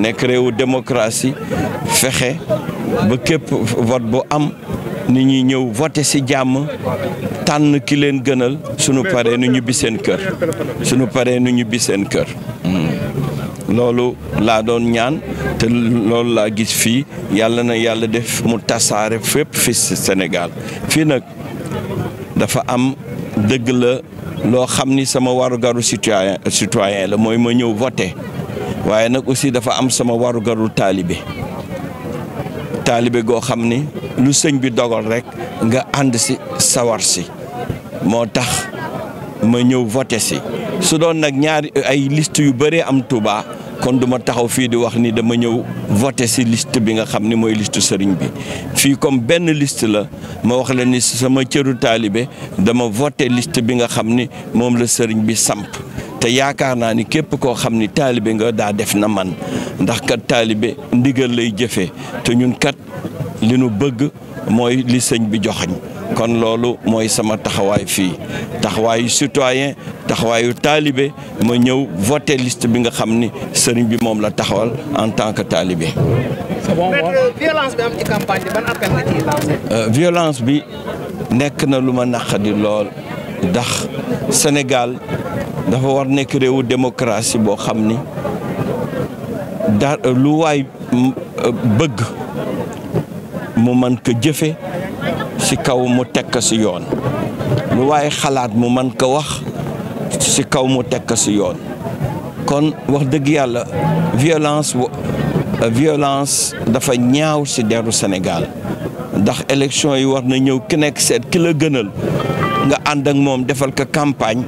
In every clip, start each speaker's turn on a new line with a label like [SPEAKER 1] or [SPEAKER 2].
[SPEAKER 1] nekk réewu démocratie fexe ba képp vote bu am ni ñuy ñëw voté si jàmm tànn ki leen gënal sunu paree nu ñibbi seen kër suñu paree nu ñibbi seen kër hmm. loolu laa doon ñaan te loolu laa gis fii yàlla na yàlla def mu tasaare fépp fi Sénégal fii nag dafa am dëgg la loo xam ni sama warugaru citoyen citoyen la mooy ma ñëw voté waaye nag aussi dafa am sama warugaru taalibe taalibe goo xam ni lu sëñ bi dogal rek nga ànd si sawar si moo tax ma ñëw voté si su doon nag ñaar ay liste yu bëree am Touba kon duma taxaw fii di wax ni dama ñëw voté si liste bi nga xam ni mooy liste sëriñ bi fii comme benn liste la ma wax la ni sama cëru taalibe dama voté list bi nga xam ni moom la sëriñ bi samp te yaakaar naa ni képp koo xam ni taalibe nga daa def na man ndax kat taalibe ndigal lay jëfee te ñun kat li nu bëgg mooy li sëñ bi joxañ kon loolu mooy sama taxawaay fii taxawaayu citoyen taxawaayu taalibe ma ñëw voté list bi nga xam ni sëriñ bi moom la taxawal en tant que taalibe. bi am bi euh, violence bi nekk na lu ma naqadi lool ndax Sénégal. dafa war nekk réewu démocratie boo xam ni lu waay bëgg mu mën ko jëfe ci kaw mu tekk ci yoon lu waay xalaat mu mën ko wax ci kaw mu tekk ci yoon kon wax dëgg yàlla violence dafa ñaaw ci deru Sénégal ndax élection yi war na ñëw ki nekk seet ki la gënal nga ànd ak moom defal ko campagne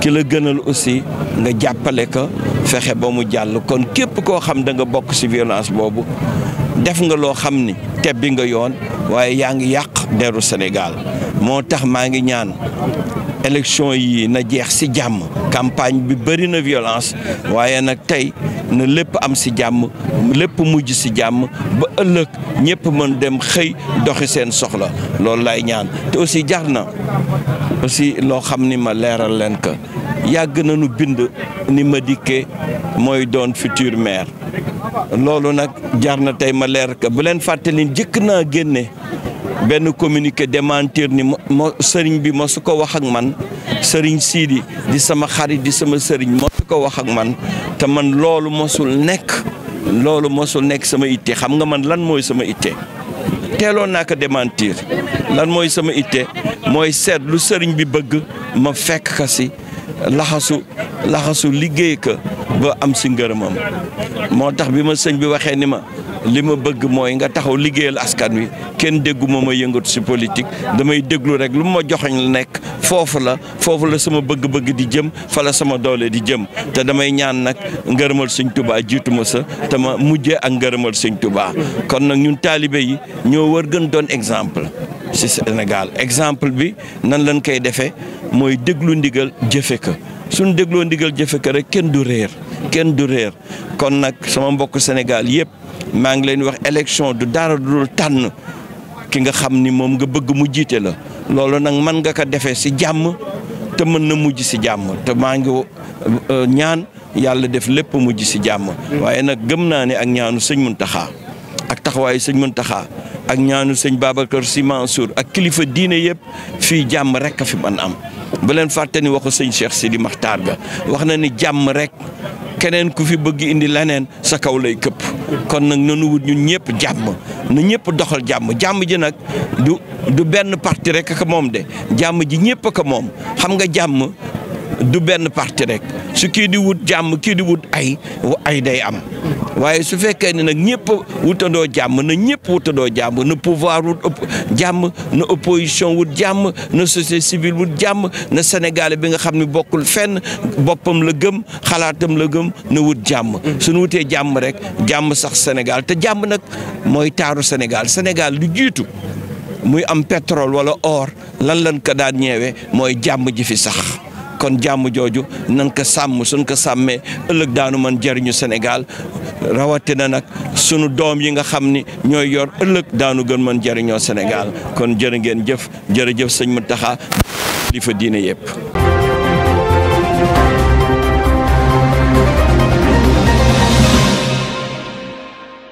[SPEAKER 1] ki la gënal aussi nga jàppale ko fexe ba mu jàll kon képp koo xam danga bokk ci violence boobu def nga loo xam ni tebbi nga yoon waaye yaa ngi yàq deru Sénégal moo tax maa ngi ñaan élection yi na jeex si jàmm campagne bi bëri na violence waaye nag tey na lépp am si jàmm lépp mujj si jàmm ba ëllëg ñëpp mën dem xëy doxi seen soxla loolu lay ñaan te aussi jar na aussi loo xam ni ma leeral leen ko yàgg nañu bind ni ma dikke mooy doon futur maire loolu nag jar tey ma leer ko bu leen fàttali njëkk naa génne benn communiqué démentir ni mo sëriñ bi ma su ko wax ak man sëriñ siidi di sama xarit di sama sëriñ mosu ko wax ak man te man loolu mosul nekk loolu mosul nekk sama itte xam nga man lan mooy sama itte teeloon naa ko démentir lan mooy sama itte mooy seet lu sëriñ bi bëgg ma fekk ka si laxasu laxasu liggéey ka ba am si ngërëmam moo tax bi ma sëñ bi waxee ni ma li ma bëgg mooy nga taxaw liggéeyal askan wi kenn déggu ma ma yëngatu si politique damay déglu rek lu ma joxoñ nekk foofu la foofu la sama bëgg-bëgg di jëm fala sama doole di jëm te damay ñaan nag ngërëmal sëñ Tuubaa jiitu ma sa te ma mujje ak ngërëmal sëñ Tuubaa kon nag ñun taalibe yi ñoo war gën doon exemple si Sénégal exemple bi nan lañ koy defee mooy déglu ndigal jëfe ko suñ dégloo ndigal jëfe ko rek kenn du réer kenn du réer kon nag sama mbokk Sénégal yëpp maa ngi leen wax élection du dara dul tànn ki nga xam ni moom nga bëgg mu jiite la loolu nag man nga ko defee si jàmm te mën na mujj si jàmm te maa ngi euh, ñaan yàlla def lépp mujj si jàmm. waaye nag gëm naa ne ak ñaanu sëñ mun Muntaxa ak taxawaayu sëñ Muntaxa ak ñaanu sëñ Babacar Sy Mansour ak kilifa diine yëpp fii jàmm rek a fi mën am. bu leen fàtte ni waxu sëñ Cheikh Sidi Maxtaar ga wax na ni jàmm rek keneen ku fi bëgg indi leneen sa kaw lay këpp kon nag nanu wut ñun ñëpp jàmm na ñëpp doxal jàmm jàmm ji nag du du benn parti rek ka moom de jàmm ji ñëpp ka moom xam nga jàmm du benn parti rek su kii di wut jàmm kii di wut ay ay day am waaye su fekkee ne nag ñëpp wutandoo jàmm na ñëpp wutandoo jàmm na pouvoir wut jàmm na opposition wut jàmm na société civile wut jàmm na Sénégalais bi nga xam ne bokkul fenn boppam la gëm xalaatam la gëm na wut jàmm. suñu wutee jàmm rek jàmm sax Sénégal te jàmm nag mooy taaru Sénégal Sénégal lu jiitu muy am pétrole wala or lan lan ko daan ñeewee mooy jàmm ji fi sax. kon jàmm jooju nan ko sàmm suñ ko sàmmee ëllëg daanu mën jëriñu Sénégal rawatina nag sunu doom yi nga xam ni ñooy yor ëllëg daanu gën mën jariñoo Sénégal kon jërë ngeen jëf jërëjëf sëñ Mountakha li fa diine yëpp